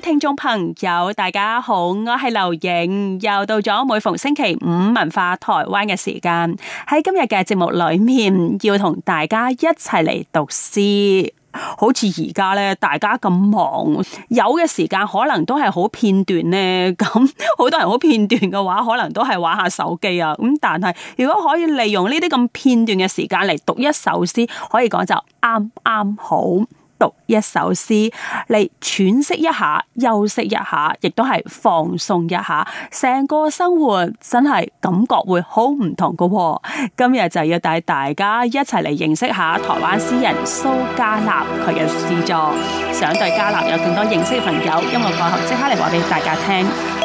聽眾朋友，大家好，我係劉影，又到咗每逢星期五文化台灣嘅時間。喺今日嘅節目裏面，要同大家一齊嚟讀詩。好似而家咧，大家咁忙，有嘅時間可能都係好片段咧。咁好多人好片段嘅話，可能都係玩下手機啊。咁但係如果可以利用呢啲咁片段嘅時間嚟讀一首詩，可以講就啱啱好。讀一首詩嚟，喘息一下、休息一下，亦都係放鬆一下，成個生活真係感覺會好唔同噶、哦。今日就要帶大家一齊嚟認識下台灣詩人蘇加納蘇家立佢嘅詩作，想對家立有更多認識嘅朋友，音樂後即刻嚟話俾大家聽。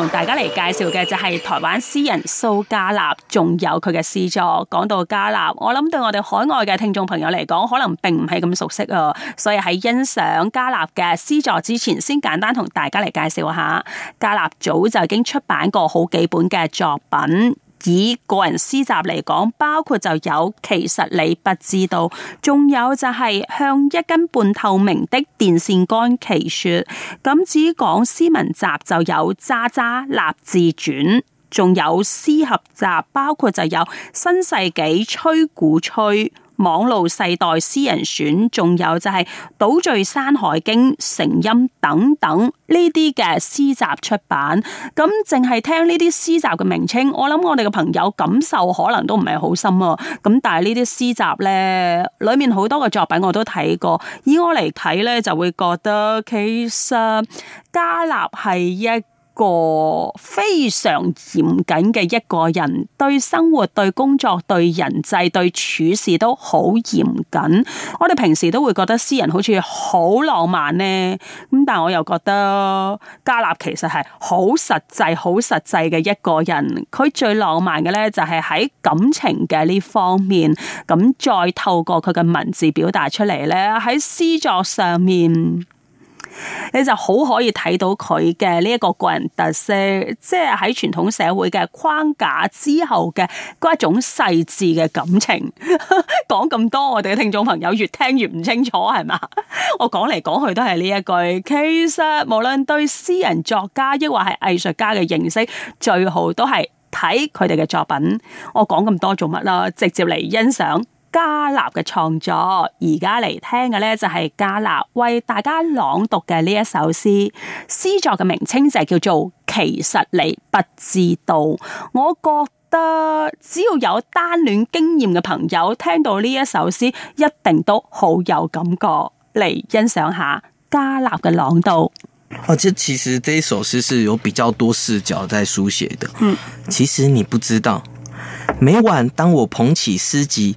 同大家嚟介紹嘅就係台灣詩人蘇家立，仲有佢嘅詩作。講到家立，我諗對我哋海外嘅聽眾朋友嚟講，可能並唔係咁熟悉啊。所以喺欣賞家立嘅詩作之前，先簡單同大家嚟介紹下。家立早就已經出版過好幾本嘅作品。以個人詩集嚟講，包括就有其實你不知道，仲有就係向一根半透明的電線桿祈雪。咁至於講詩文集就有渣渣立自傳，仲有詩合集，包括就有新世紀吹鼓吹、網路世代詩人選，仲有就係《島嶼山海經成音》等等呢啲嘅詩集出版，咁淨係聽呢啲詩集嘅名稱，我諗我哋嘅朋友感受可能都唔係好深啊！咁但係呢啲詩集呢，裏面好多嘅作品我都睇過，以我嚟睇呢，就會覺得其實家立係一。一個非常嚴謹嘅一個人，對生活、對工作、對人際、對處事都好嚴謹。我哋平時都會覺得詩人好似好浪漫呢。咁但係我又覺得家立其實係好實際、好實際嘅一個人。佢最浪漫嘅呢，就係喺感情嘅呢方面，咁再透過佢嘅文字表達出嚟呢，喺詩作上面。你就好可以睇到佢嘅呢一個個人特色，即係喺傳統社會嘅框架之後嘅嗰一種細緻嘅感情。講 咁多，我哋嘅聽眾朋友越聽越唔清楚係嘛？我講嚟講去都係呢一句，其實無論對詩人、作家抑或係藝術家嘅認識，最好都係睇佢哋嘅作品。我講咁多做乜啦？直接嚟欣賞。家立嘅創作，而家嚟聽嘅呢，就係家立為大家朗讀嘅呢一首詩。詩作嘅名稱就叫做《其實你不知道》。我覺得只要有單戀經驗嘅朋友聽到呢一首詩，一定都好有感覺，嚟欣賞下家立嘅朗讀。啊，即其實呢首詩是有比較多視角在書寫嘅。嗯、其實你不知道，每晚當我捧起詩集。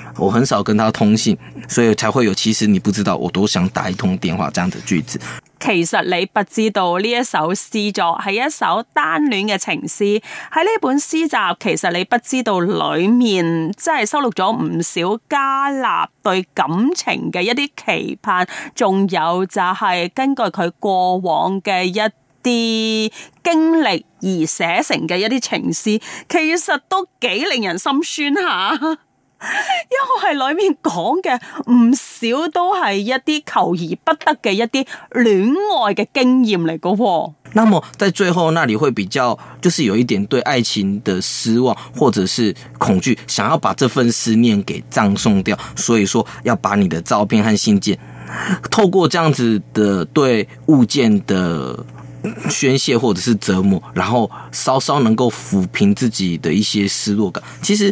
我很少跟他通信，所以才會有其實你不知道我多想打一通電話這樣的句子。其實你不知道呢一首詩作係一首單戀嘅情詩。喺呢本詩集，其實你不知道裏面即係收錄咗唔少家立對感情嘅一啲期盼，仲有就係根據佢過往嘅一啲經歷而寫成嘅一啲情詩，其實都幾令人心酸吓啊。因為我裏面講嘅唔少都係一啲求而不得嘅一啲戀愛嘅經驗嚟嘅，哦，那麼在最後那裡會比較，就是有一點對愛情的失望，或者是恐懼，想要把這份思念給葬送掉，所以說要把你的照片和信件，透過這樣子的對物件的宣洩或者是折磨，然後稍稍能夠撫平自己的一些失落感，其實。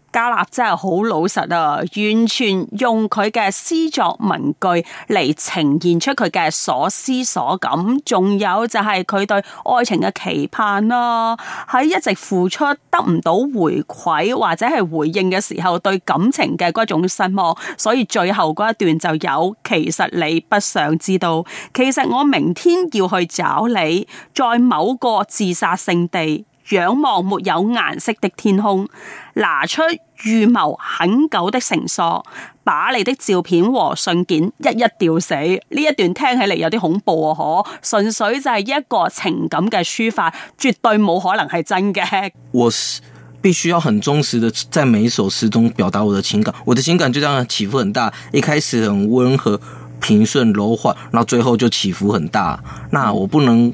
家立真係好老實啊！完全用佢嘅詩作文句嚟呈現出佢嘅所思所感，仲有就係佢對愛情嘅期盼啦。喺一直付出得唔到回饋或者係回應嘅時候，對感情嘅嗰種失望，所以最後嗰一段就有。其實你不想知道，其實我明天要去找你，在某個自殺聖地。仰望沒有顏色的天空，拿出預謀很久的繩索，把你的照片和信件一一吊死。呢一段聽起嚟有啲恐怖啊！可，純粹就係一個情感嘅抒發，絕對冇可能係真嘅。我必須要很忠實的，在每一首詩中表達我的情感。我的情感就這樣起伏很大，一開始很溫和、平順柔、柔緩，那最後就起伏很大。那我不能。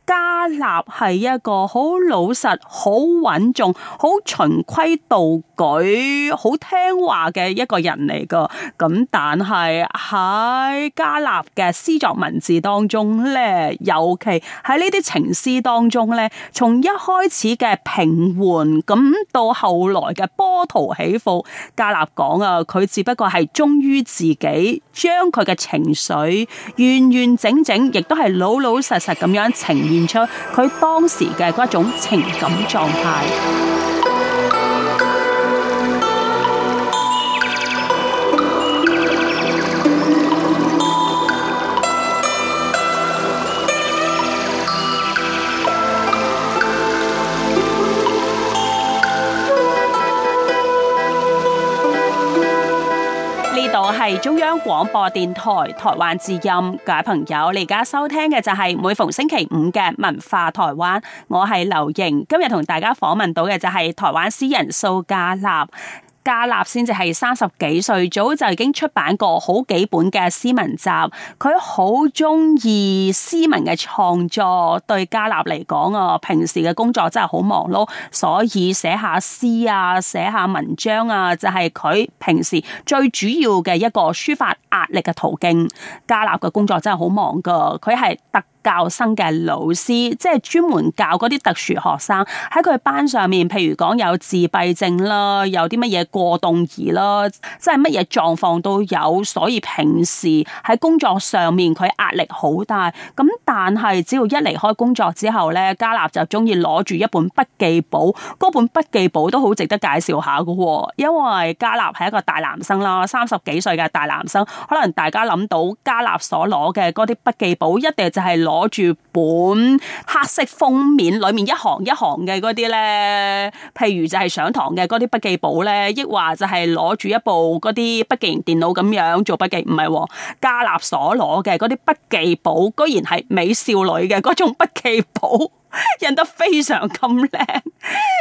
家立係一個好老實、好穩重、好循規蹈矩、好聽話嘅一個人嚟噶。咁但係喺、哎、家立嘅詩作文字當中咧，尤其喺呢啲情詩當中咧，從一開始嘅平緩，咁到後來嘅波濤起伏，家立講啊，佢只不過係忠於自己，將佢嘅情緒完完整整，亦都係老老實實咁樣情現出佢當時嘅嗰種情感狀態。中央廣播電台台灣字音，各位朋友，你而家收聽嘅就係每逢星期五嘅文化台灣，我係劉盈，今日同大家訪問到嘅就係台灣詩人蘇家立。家立先至係三十幾歲，早就已經出版過好幾本嘅詩文集。佢好中意詩文嘅創作。對家立嚟講啊，平時嘅工作真係好忙咯，所以寫下詩啊，寫下文章啊，就係、是、佢平時最主要嘅一個抒發壓力嘅途徑。家立嘅工作真係好忙噶，佢係特。教生嘅老師，即係專門教嗰啲特殊學生喺佢班上面，譬如講有自閉症啦，有啲乜嘢過動兒啦，即係乜嘢狀況都有，所以平時喺工作上面佢壓力好大。咁但係只要一離開工作之後呢，加納就中意攞住一本筆記簿，嗰本筆記簿都好值得介紹下噶。因為加納係一個大男生啦，三十幾歲嘅大男生，可能大家諗到加納所攞嘅嗰啲筆記簿一定就係攞。攞住本黑色封面，裏面一行一行嘅嗰啲咧，譬如就係上堂嘅嗰啲筆記簿咧，抑或就係攞住一部嗰啲筆記型電腦咁樣做筆記，唔係、哦，加納所攞嘅嗰啲筆記簿，居然係美少女嘅嗰種筆記簿，印得非常咁靚，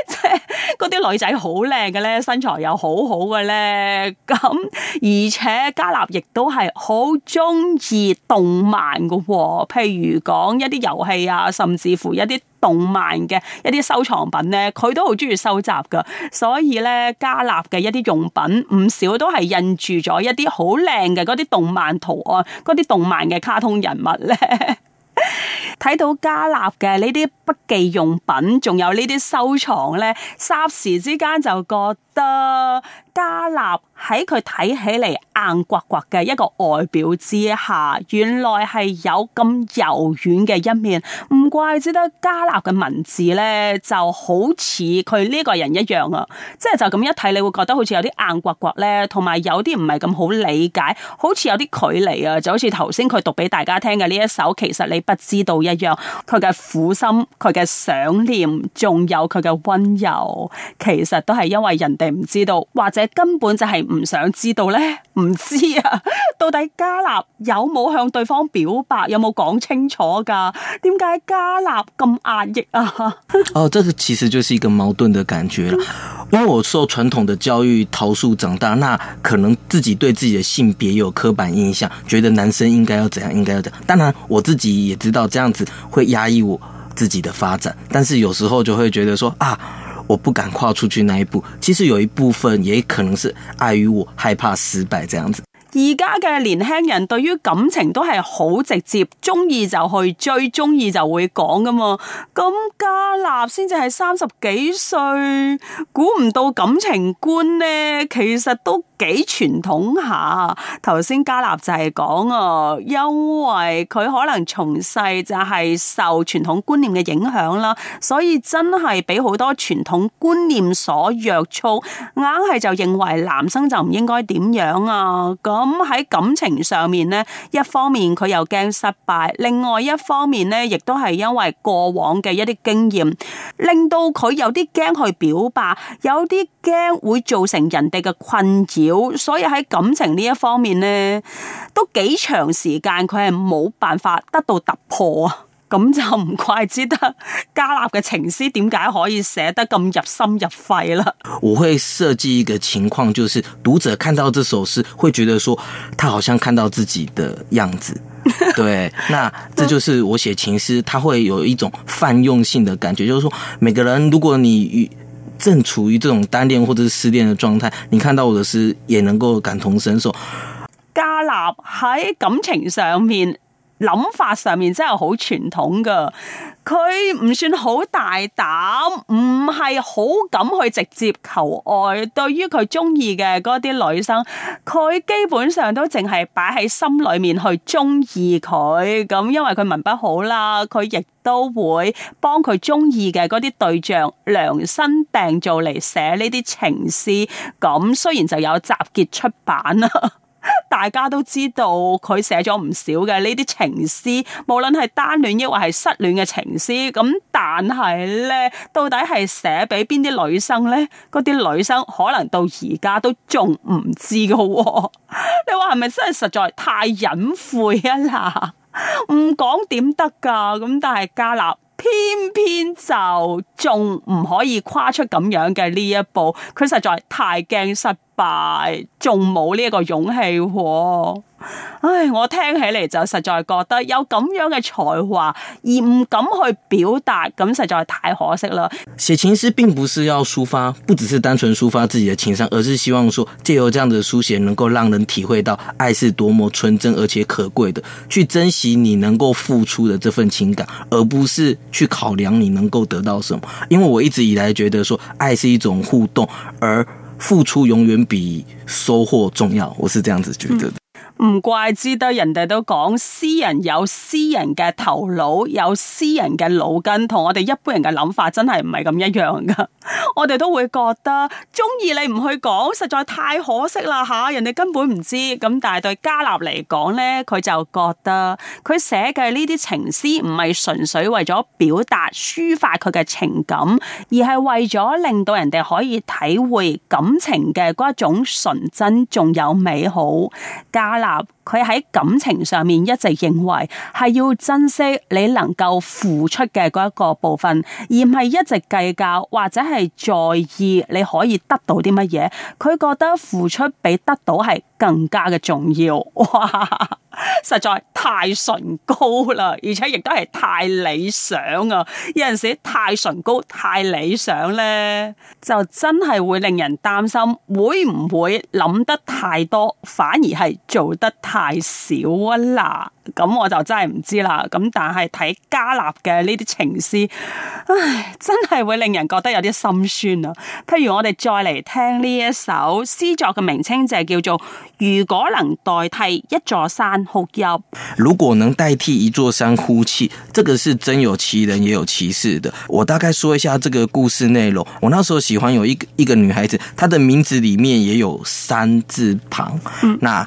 即係嗰啲女仔好靚嘅咧，身材又好好嘅咧，咁而且加納亦都係好中意動漫嘅、哦，譬如。講一啲遊戲啊，甚至乎一啲動漫嘅一啲收藏品呢，佢都好中意收集噶。所以呢，家立嘅一啲用品唔少都係印住咗一啲好靚嘅嗰啲動漫圖案，嗰啲動漫嘅卡通人物呢。睇 到家立嘅呢啲筆記用品，仲有呢啲收藏呢，霎時之間就覺得家立喺佢睇起嚟，硬掘掘嘅一個外表之下，原來係有咁柔軟嘅一面。唔怪之得家立嘅文字咧，就好似佢呢個人一樣啊！即係就咁、是、一睇，你會覺得好似有啲硬掘掘咧，同埋有啲唔係咁好理解，好似有啲距離啊！就好似頭先佢讀俾大家聽嘅呢一首，其實你不知道一樣，佢嘅苦心、佢嘅想念，仲有佢嘅溫柔，其實都係因為人哋唔知道，或者根本就係唔想知道咧，唔。唔知啊，到底家立有冇向對方表白，有冇講清楚噶？點解家立咁壓抑啊？ 哦，這個其實就是一個矛盾的感覺啦。因為我受傳統的教育、桃樹長大，那可能自己對自己的性別有刻板印象，覺得男生應該要怎樣，應該要怎樣。當然我自己也知道這樣子會壓抑我自己的發展，但是有時候就會覺得說啊。我不敢跨出去那一步，其實有一部分也可能是礙於我害怕失敗，這樣子。而家嘅年輕人對於感情都係好直接，中意就去追，中意就會講噶嘛。咁家立先至係三十幾歲，估唔到感情觀呢，其實都。幾傳統下，頭先家立就係講啊，因為佢可能從細就係受傳統觀念嘅影響啦，所以真係俾好多傳統觀念所約束，硬係就認為男生就唔應該點樣啊。咁喺感情上面呢，一方面佢又驚失敗，另外一方面呢，亦都係因為過往嘅一啲經驗，令到佢有啲驚去表白，有啲驚會造成人哋嘅困擾。所以喺感情呢一方面呢，都幾長時間佢係冇辦法得到突破啊！咁就唔怪之得家立嘅情詩點解可以寫得咁入心入肺啦。我會設計一個情況，就是讀者看到這首詩，會覺得說，他好像看到自己的樣子。對， 那這就是我寫情詩，他會有一種泛用性的感覺，就是說，每個人如果你與正處於這種單戀或者是失戀的狀態，你看到我的詩也能夠感同身受。家立喺感情上面。諗法上面真係好傳統噶，佢唔算好大膽，唔係好敢去直接求愛。對於佢中意嘅嗰啲女生，佢基本上都淨係擺喺心裏面去中意佢。咁因為佢文筆好啦，佢亦都會幫佢中意嘅嗰啲對象量身訂做嚟寫呢啲情詩。咁雖然就有集結出版啦。大家都知道佢寫咗唔少嘅呢啲情詩，無論係單戀抑或係失戀嘅情詩。咁但係呢，到底係寫俾邊啲女生呢？嗰啲女生可能到而家都仲唔知噶喎。你話係咪真係實在太隱晦啊？嗱，唔講點得噶？咁但係家立偏偏就仲唔可以跨出咁樣嘅呢一步，佢實在太驚失仲冇呢一個勇氣喎，唉！我聽起嚟就實在覺得，有咁樣嘅才華而唔敢去表達，咁實在太可惜啦。寫情詩並不是要抒發，不只是單純抒發自己的情商，而是希望說借由這樣的書寫，能夠讓人體會到愛是多麼純真而且可貴的，去珍惜你能夠付出的這份情感，而不是去考量你能夠得到什麼。因為我一直以來覺得說愛是一種互動，而付出永遠比收穫重要，我是這樣子覺得的。嗯唔怪之得，人哋都講，詩人有詩人嘅頭腦，有詩人嘅腦筋，同我哋一般人嘅諗法真係唔係咁一樣噶。我哋都會覺得，中意你唔去講，實在太可惜啦吓，人哋根本唔知。咁但係對家立嚟講咧，佢就覺得，佢寫嘅呢啲情詩唔係純粹為咗表達抒發佢嘅情感，而係為咗令到人哋可以體會感情嘅嗰一種純真，仲有美好。家立。佢喺感情上面一直認為係要珍惜你能夠付出嘅嗰一個部分，而唔係一直計較或者係在意你可以得到啲乜嘢。佢覺得付出比得到係更加嘅重要。哇！實在太崇高啦，而且亦都係太理想啊！有陣時太崇高、太理想呢，就真係會令人擔心，會唔會諗得太多，反而係做得太少吖啦？咁我就真係唔知啦。咁但係睇家立嘅呢啲情詩，唉，真係會令人覺得有啲心酸啊。譬如我哋再嚟聽呢一首詩作嘅名稱就係、是、叫做《如果能代替一座山哭泣》。如果能代替一座山哭泣，這個是真有其人也有其事的。我大概說一下這個故事內容。我那時候喜歡有一個一個女孩子，她的名字裏面也有山字旁。那嗯，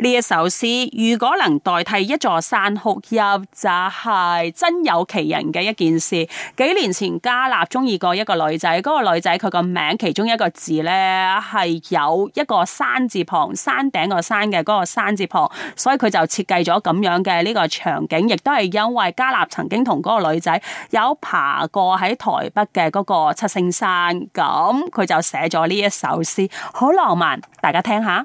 呢一首詩如果能代替一座山哭泣，就係、是，真有其人嘅一件事。幾年前，家立中意過一個女仔，嗰、那個女仔佢個名其中一個字呢，係有一個山字旁，山頂個山嘅嗰個山字旁，所以佢就設計咗咁樣嘅呢個場景，亦都係因為家立曾經同嗰個女仔有爬過喺台北嘅嗰個七星山，咁佢就寫咗呢一首詩，好浪漫，大家聽下。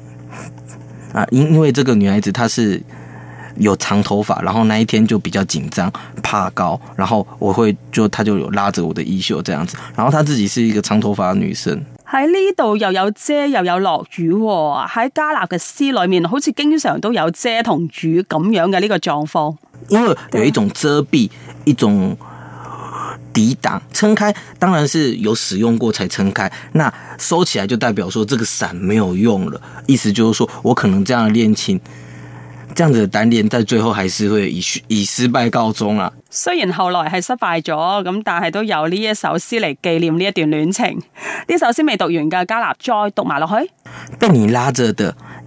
啊，因因為這個女孩子，她是有長頭髮，然後那一天就比較緊張，怕高，然後我會就她就有拉着我的衣袖這樣子，然後她自己是一個長頭髮的女生。喺呢度又有遮又有落雨喎、哦，喺加拿嘅詩裏面，好似經常都有遮同雨噉樣嘅呢個狀況。因為有一種遮蔽，一種。抵擋撐開，當然是有使用過才撐開。那收起來就代表說這個傘沒有用了，意思就是說我可能這樣的戀情，這樣子的單戀，在最後還是會以以失敗告終了啊。雖然後來係失敗咗，咁但係都有呢一首詩嚟紀念呢一段戀情。呢首詩未讀完㗎，家立再讀埋落去。被你拉着的。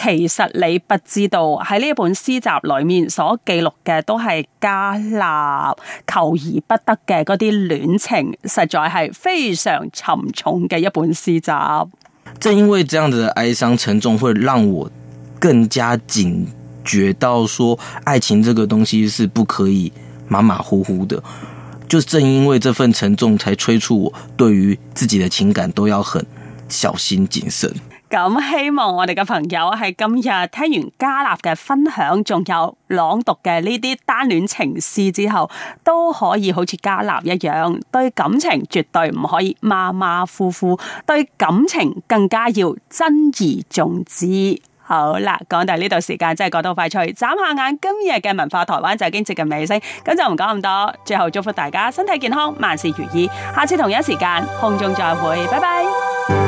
其實，你不知道，喺呢一本詩集裏面所記錄嘅都係家立求而不得嘅嗰啲戀情，實在係非常沉重嘅一本詩集。正因為這樣子嘅哀傷沉重，會讓我更加警覺到，說愛情這個東西是不可以馬馬虎虎的。就正因為這份沉重，才催促我對於自己的情感都要很小心謹慎。咁希望我哋嘅朋友喺今日聽完家立嘅分享，仲有朗讀嘅呢啲單戀情詩之後，都可以好似家立一樣，對感情絕對唔可以馬馬虎虎，對感情更加要珍而重之。好啦，講到呢度時間真係過得好快脆，眨下眼今日嘅文化台灣就已經接近尾聲，咁就唔講咁多。最後祝福大家身體健康，萬事如意。下次同一時間空中再會，拜拜。